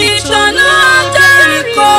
ìṣọ̀nà Jẹ́ríkò.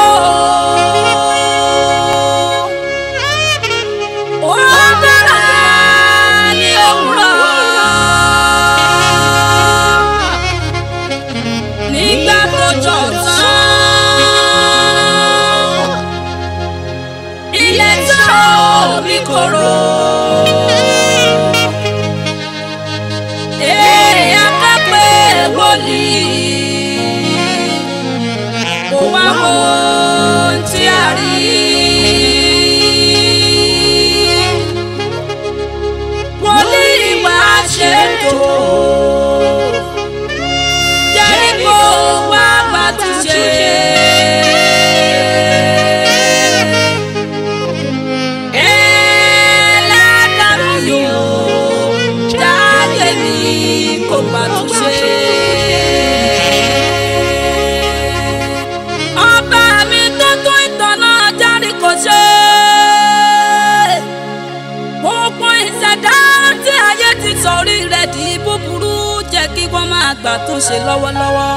ń ṣe lọ́wọ́lọ́wọ́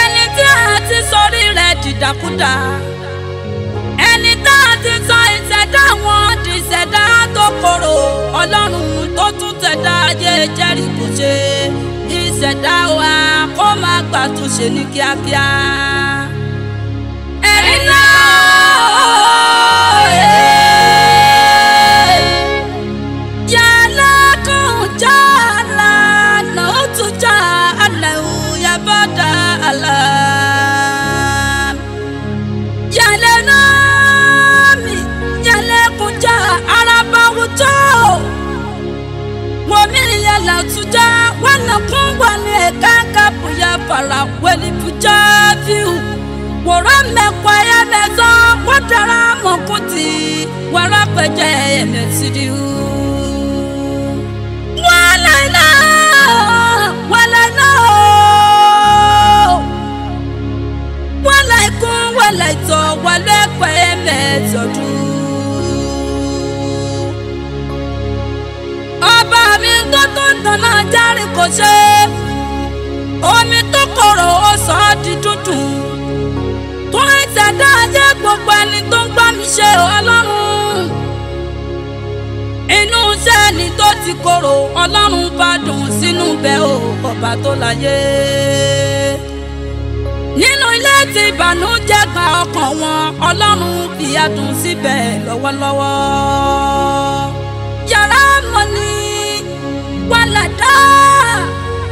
ẹni tí a ti sọrí rẹ̀ dìdàkudà ẹni tá a ti sọ ìṣẹ̀dá wọn di ìṣẹ̀dá tó korò ọlọ́run tó tún tẹ̀dá ayé jẹ́rìkú ṣe ìṣẹ̀dá wa kó máa gbàtúnṣe ní kíákíá ẹ̀rí náà. dara mokuti wara peja eme sidi wala na wala na wala ikun wala ito wale ekpe eme todu ọba mi tó tó ń tanná járe kò ṣe omi tó kọ̀rọ̀ ó. ṣe ọlọ́run inú sẹ́ni tó ti korò ọlọ́run bá dùn sínú bẹ́ẹ̀ o ọba tó láyé nínú ilé tí ìbànújẹ́ gba ọkàn wọn ọlọ́run fìyà dùn síbẹ̀ lọ́wọ́lọ́wọ́ yàrá mọ́ni wàlá dá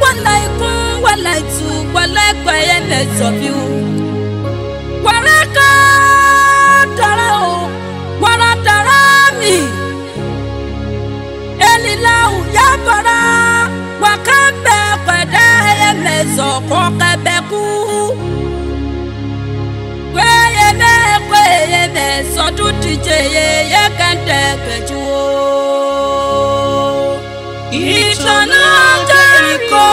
wàlá ikú wàlá ìtù wàlá ẹgbẹ̀yẹ lẹ́sọ̀bí o. kora wakambe kwada ye mezo koka beku kweye me kweye me so tutije ye ye kante kwechuo Ichana Jericho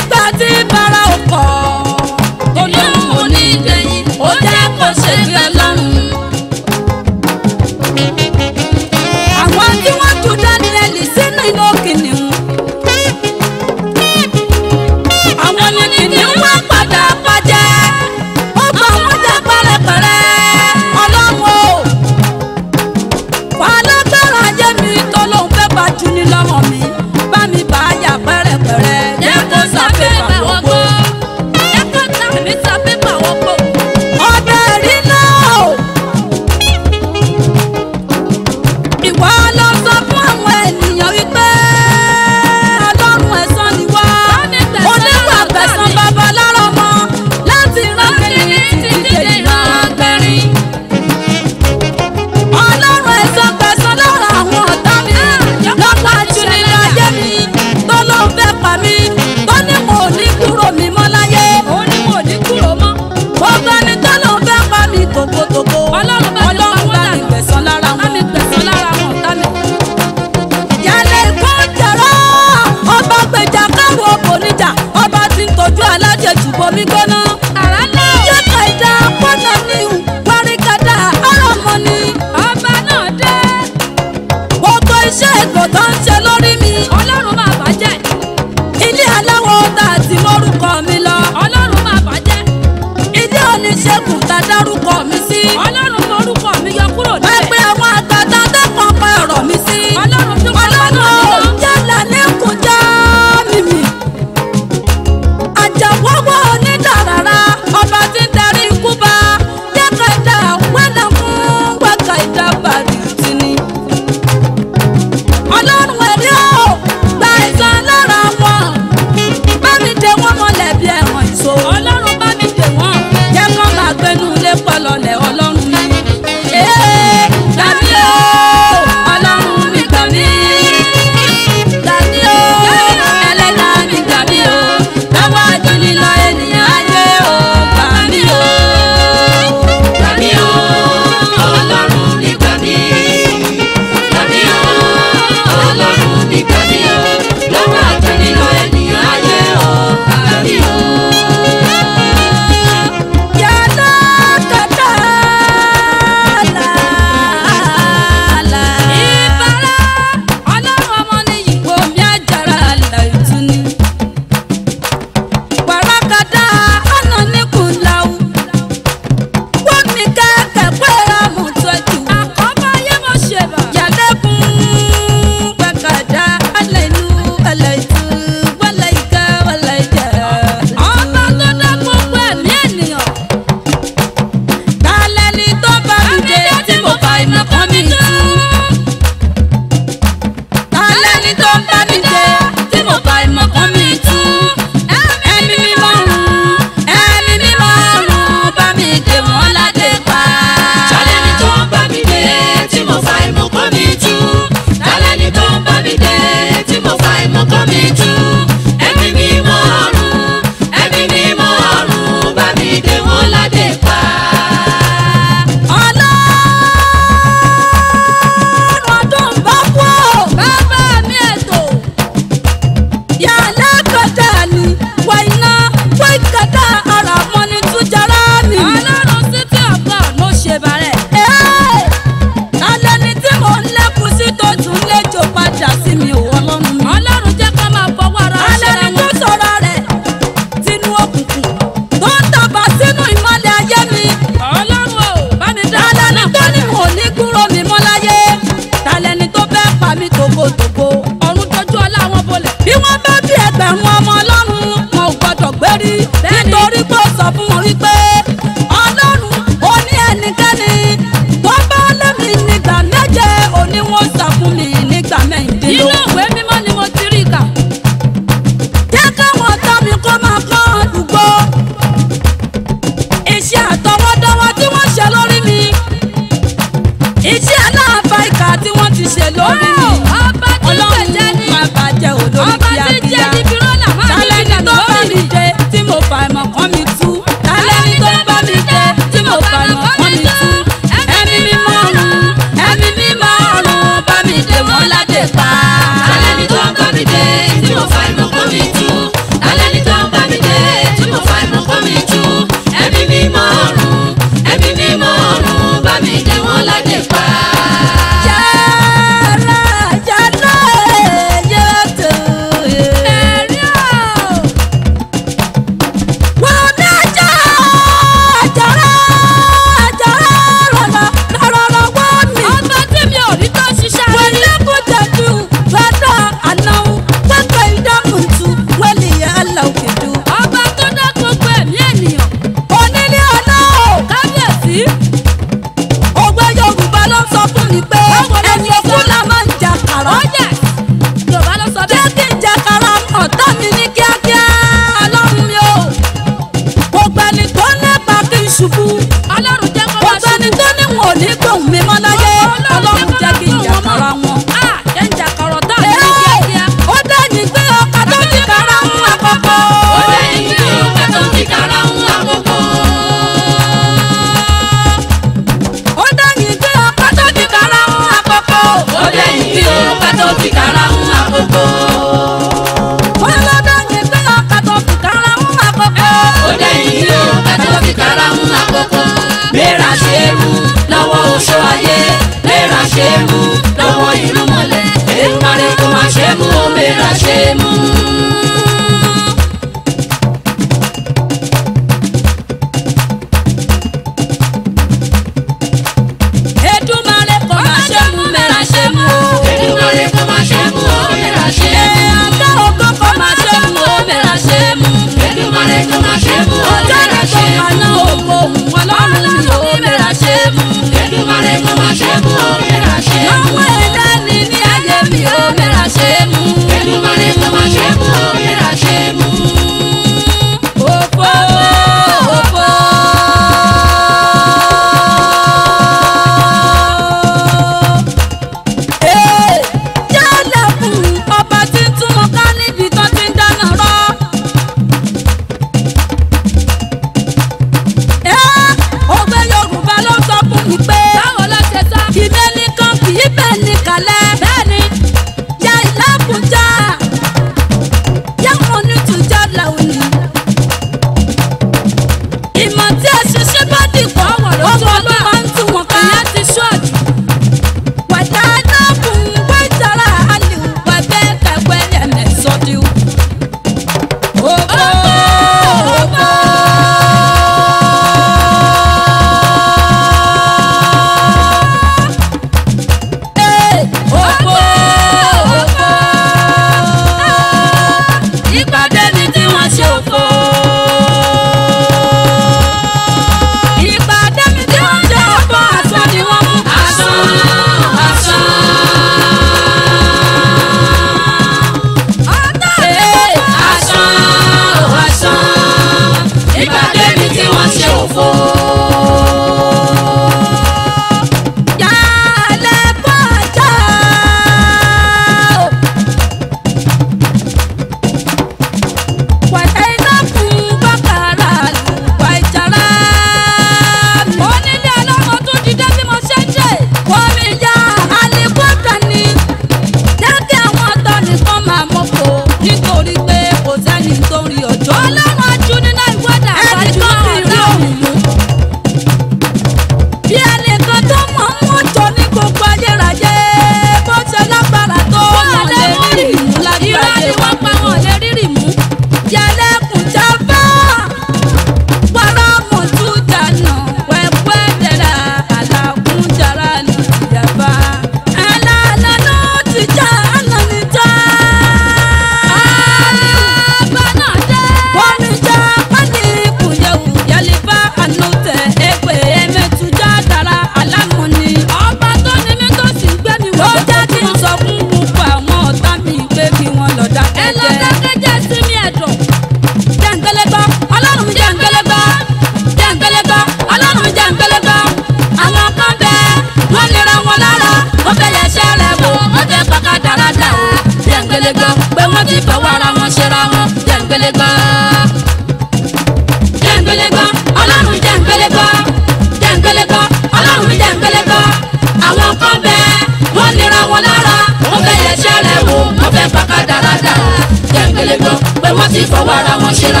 fọwọ́ ara wọn ṣe ra.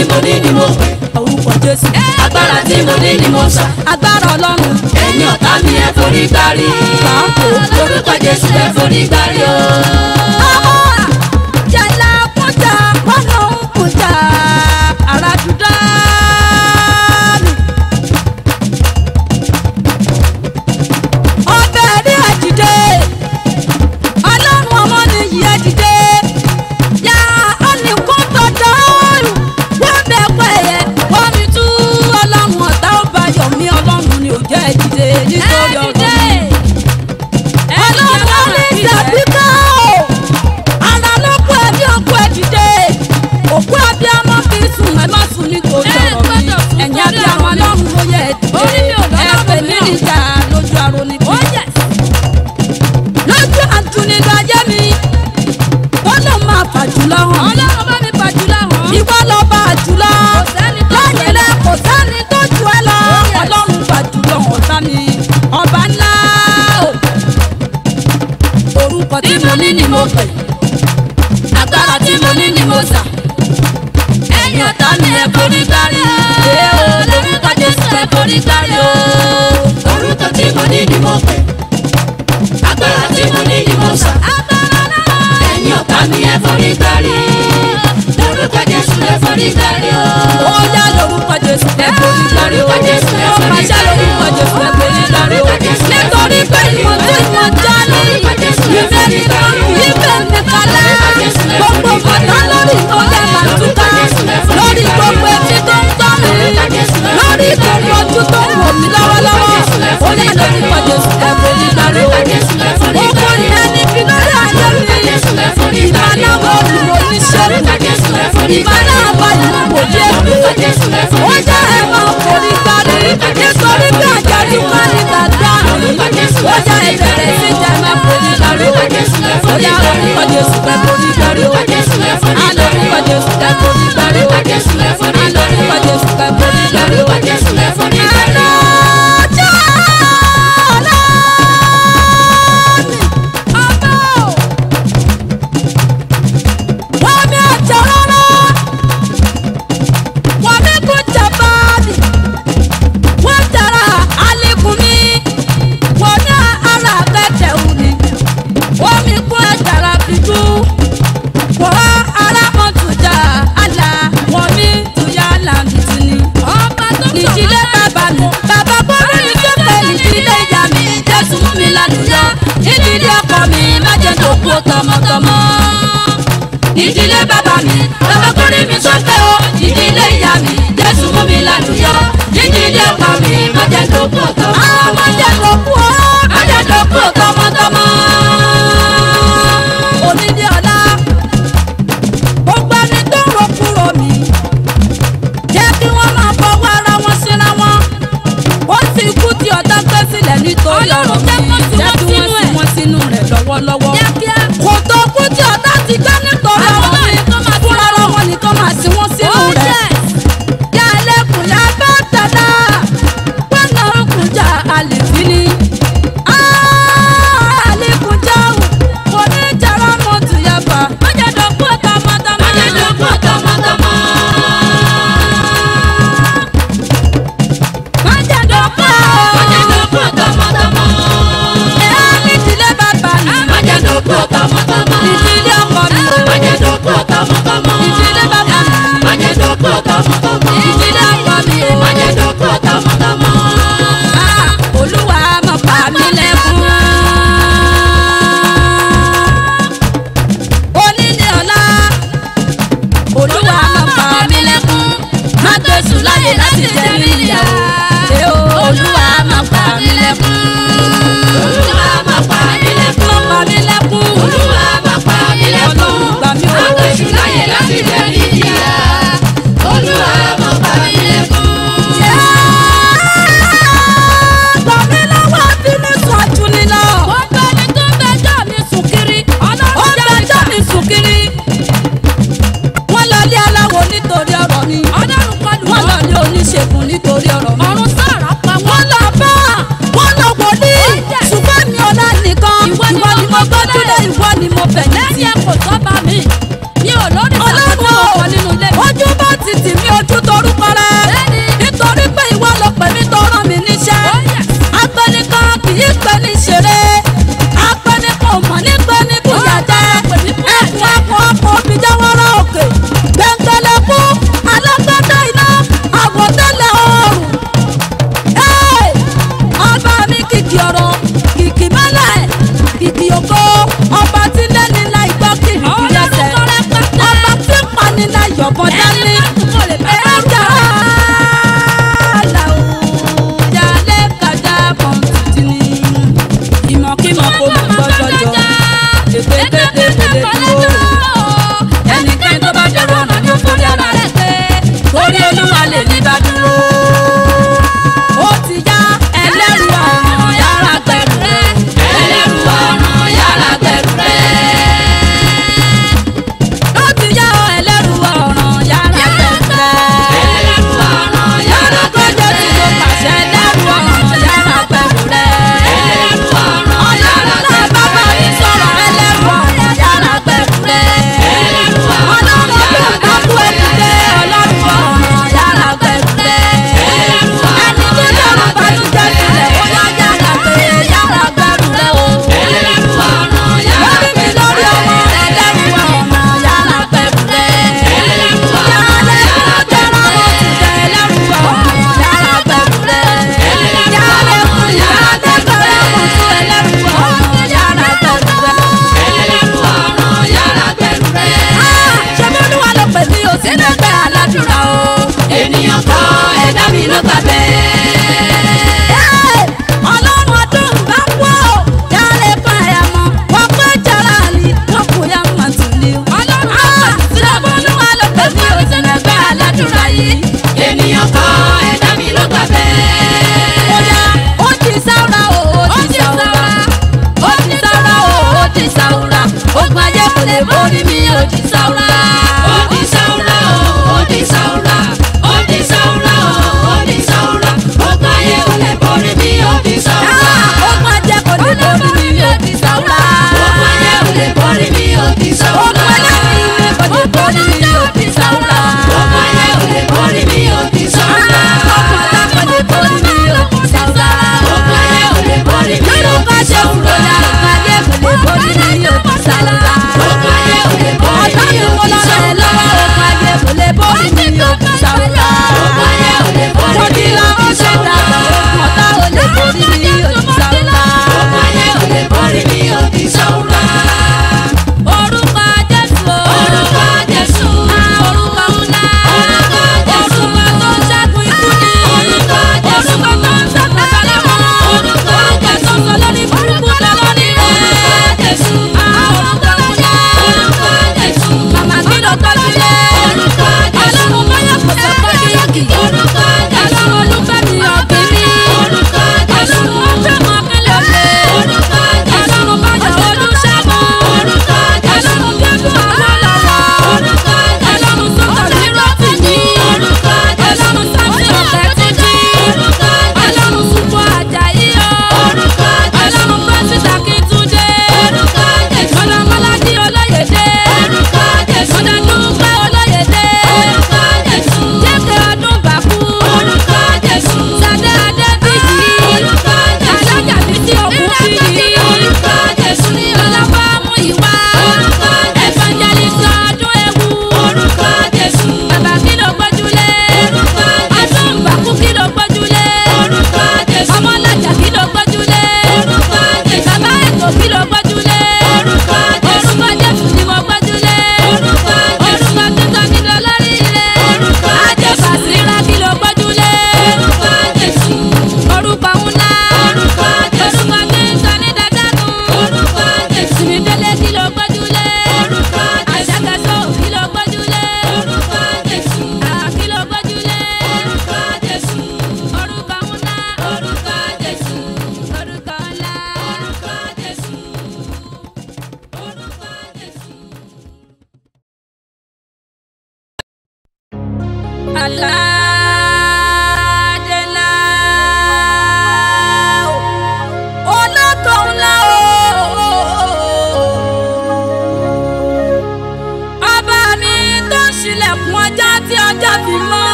tí mo ní ni mo pè. orúkọ jésù. agbára tí mo ní ni mo sà. agbára ọlọ́run. ẹ̀yin ọ̀tá mi ẹ forí gbárí. pàápọ̀ orúkọ jésù ẹ forí gbárí o. jẹ́lá kọjá kọ́nà. ¡Gracias!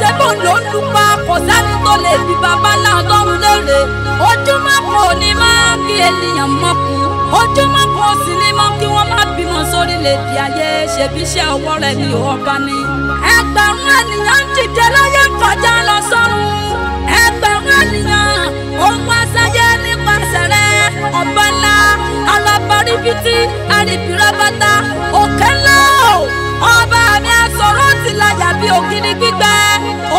ṣe bò ló ń lupa kò sẹ́ni tó lè fi bàbá náà tọ́run léèrè ojúmọ́ kan ò ní máa kí ènìyàn mọ́ kú ojúmọ́ kan ò sì ní mọ́ kí wọ́n má bímọ sórílẹ̀-èdè ayé ṣèbíṣẹ́ ọwọ́ rẹ̀ ni ọba ni. ẹgbẹ̀rún ènìyàn ń dìde láyé kọjá lọ sọ́run ẹgbẹ̀rún ènìyàn òun àṣàyẹ nípasẹ̀ rẹ̀ ọba ńlá alábàríbítí àríbìrábátá òkè ńlá ọba mi àsọ̀rọ̀ ti lajà bí ògiri gbígbẹ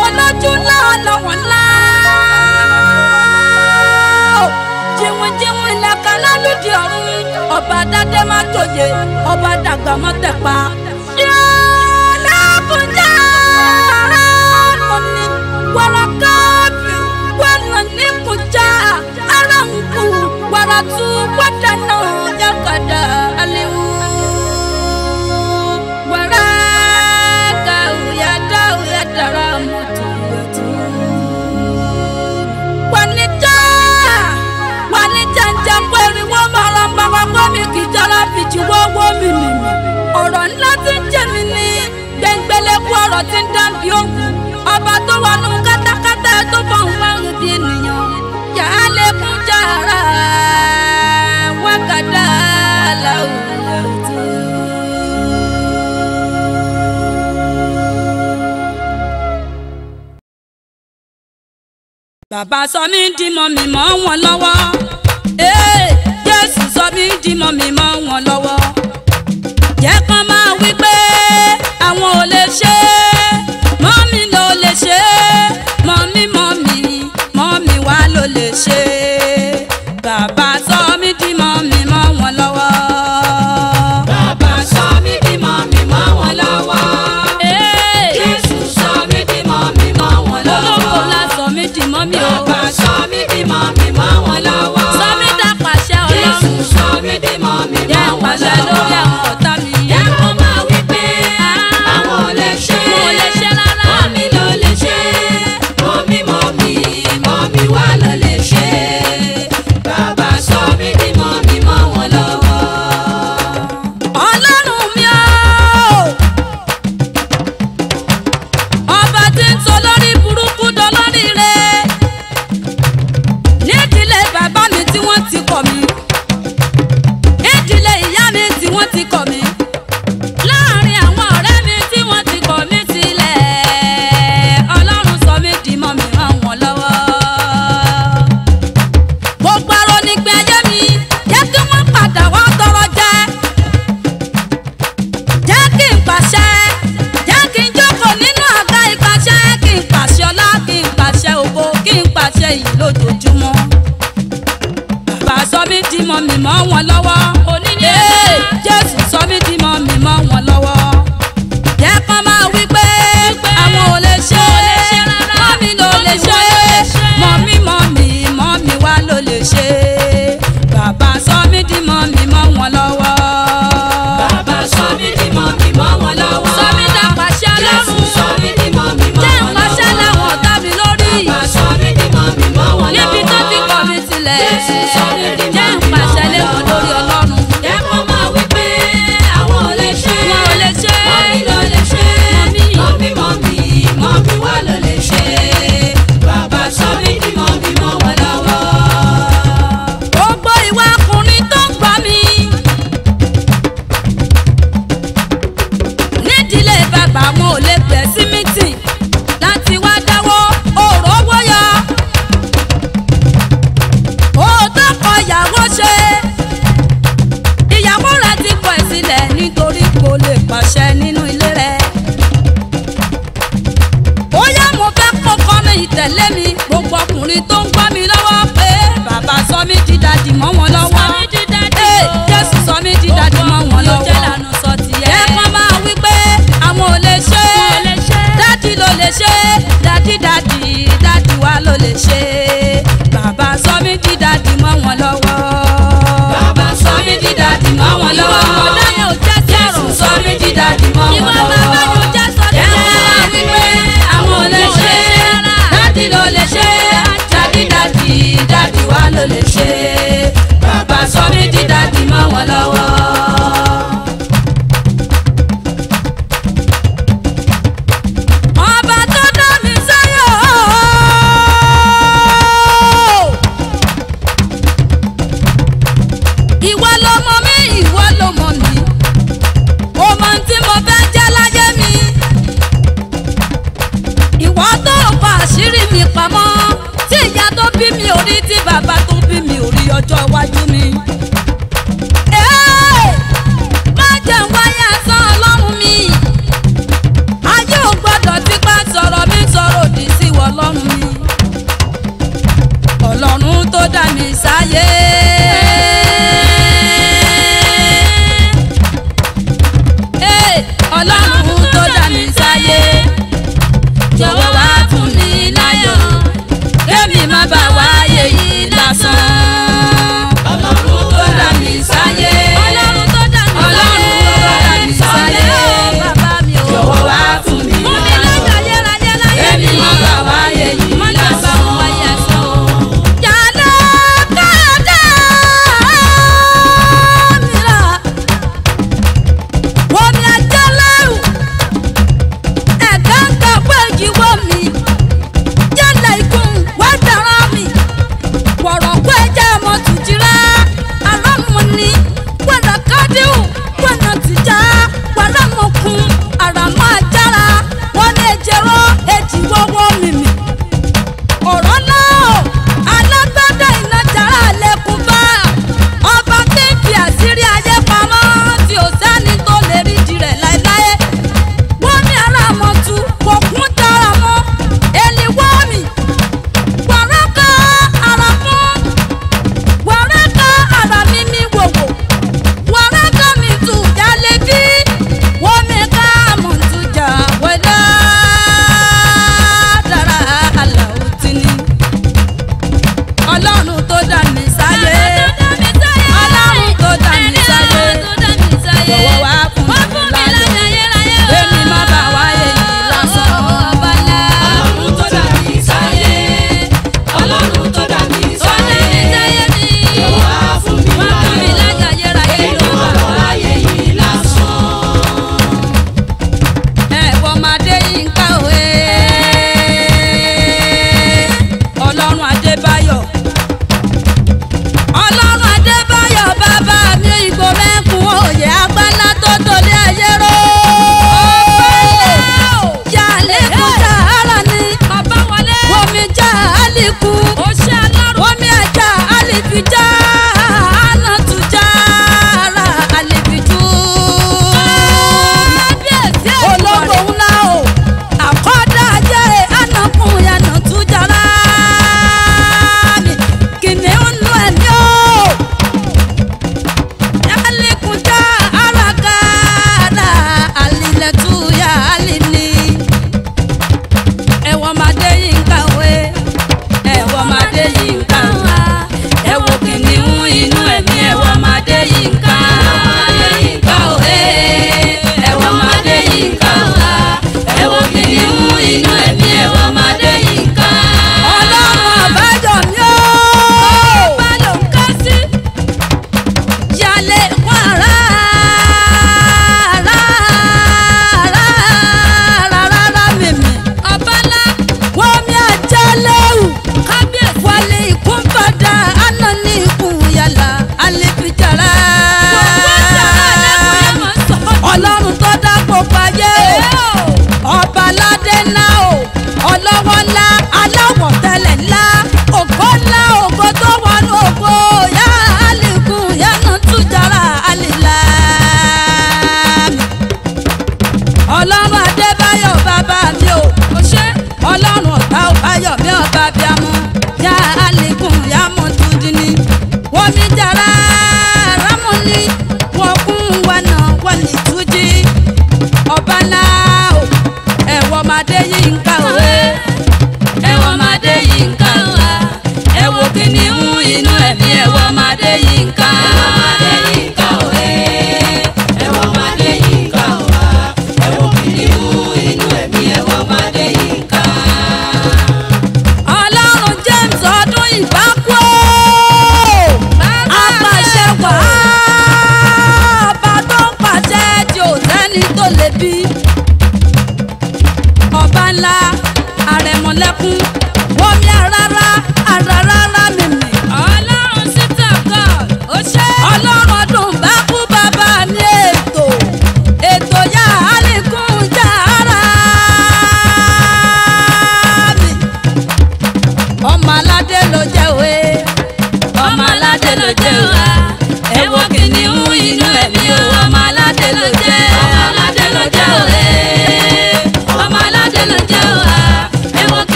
olójú ńlá ọlọ́wọ̀n ńlá. jìnwìnjìnwìn lẹ́kan lálùdí ọ̀run ọba dádé má tòye ọba dàgbà mọ́ tẹ̀pa. yọ̀ọ́lẹ́kùnjà rẹ̀ mọ̀ ní wọ́rọ̀kọ́ fi wọ́nà níkùnjà ara ń kú wàrà tún gbọ́ mi kì í jọra fi ju wọ́wọ́ mi nìyí. ọ̀rọ̀ ńlá tí ń jẹ mí ní gbẹngbẹlẹ́kú ọ̀rọ̀ tí ń dán bí òkú. ọba tó wà nù kátákátá tó bọ̀ ń márùn bí ènìyàn. yàrá lè kún jàrá wákàtá làwùjọ bàbá sọ mí di mọ̀ mi mọ́ wọn lọ́wọ́ méjì mọ́ mi mọ́ wọn lọ́wọ́.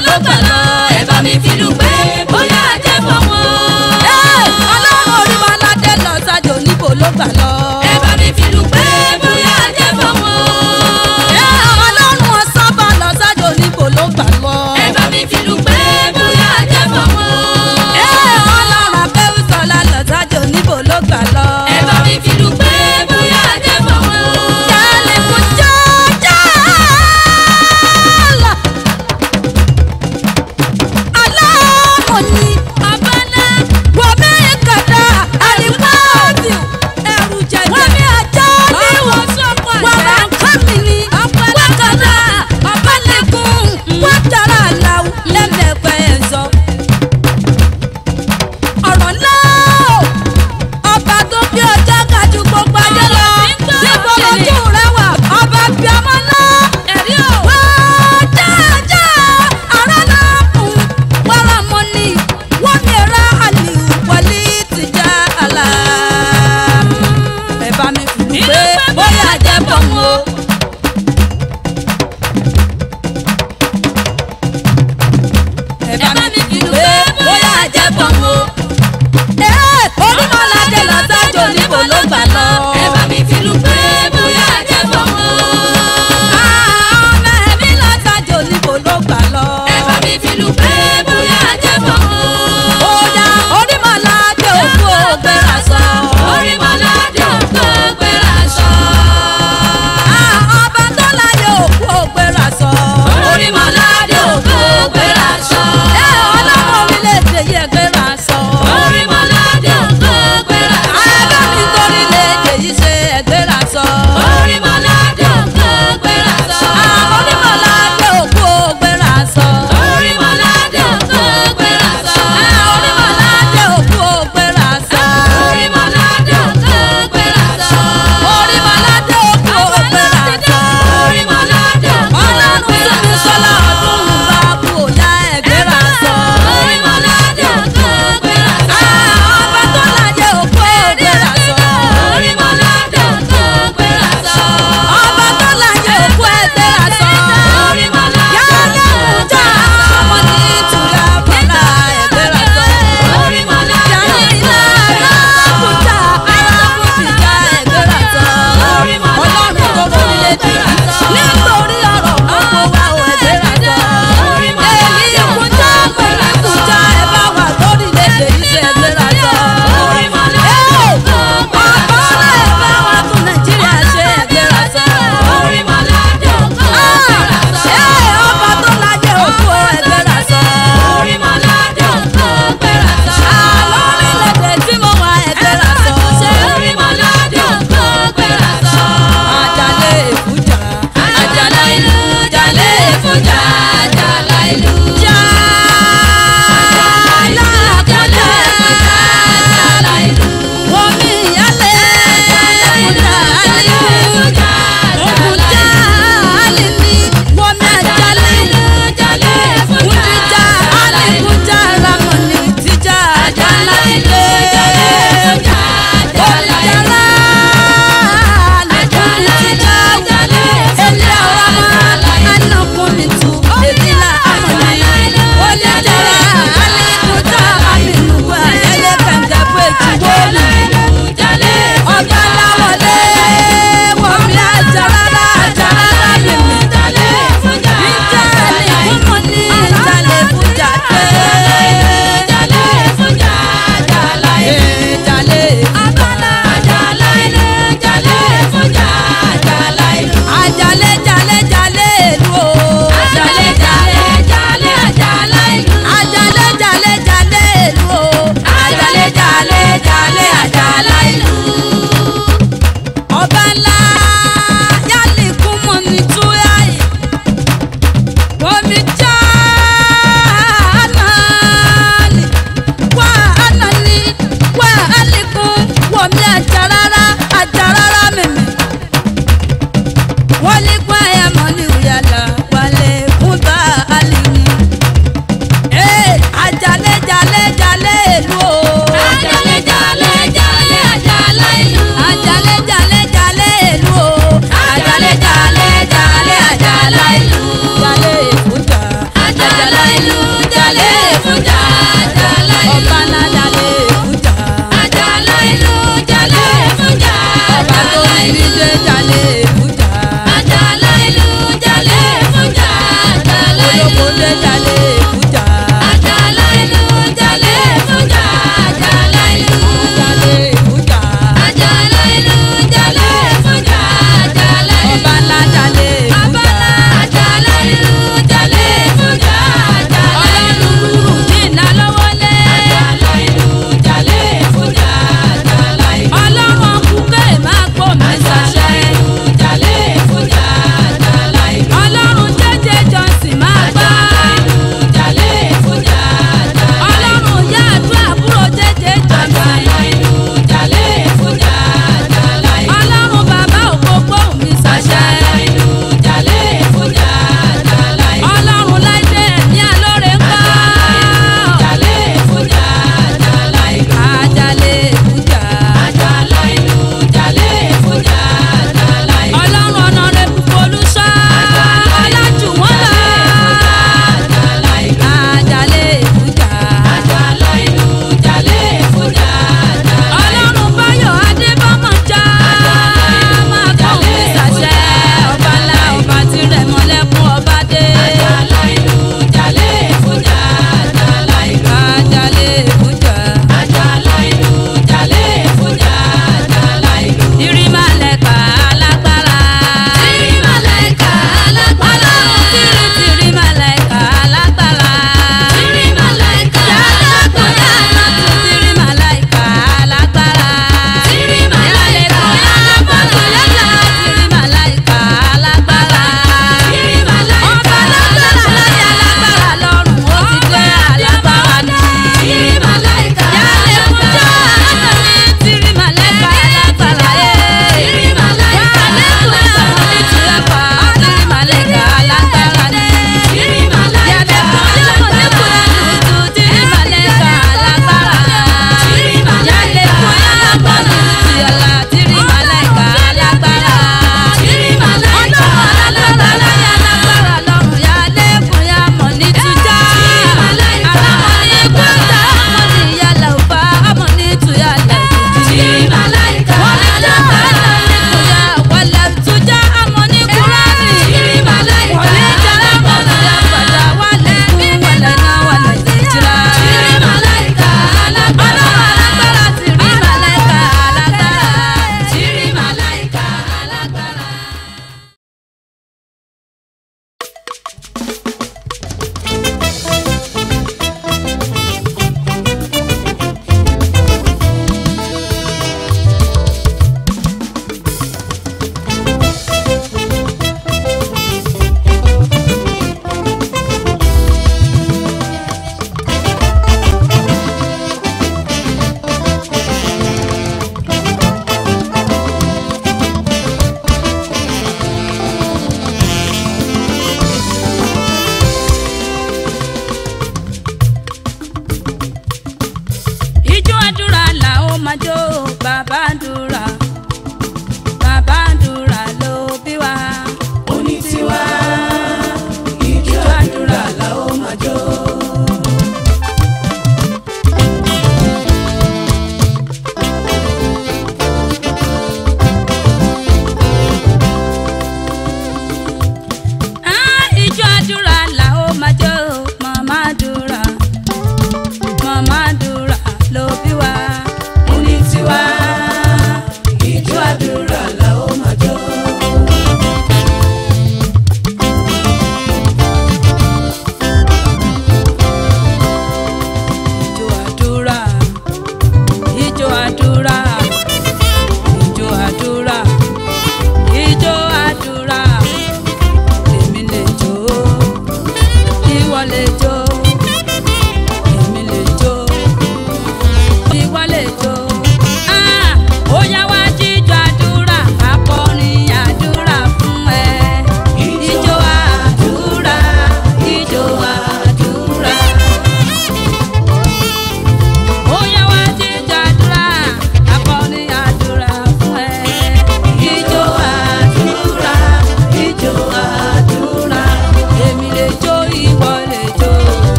olókàlọ́ ẹ bá mi fi dùgbẹ́ bóyá jẹ́ fọmọ. ọlọ́run orí wa ládé lọ sájò níbo ló gbà lọ.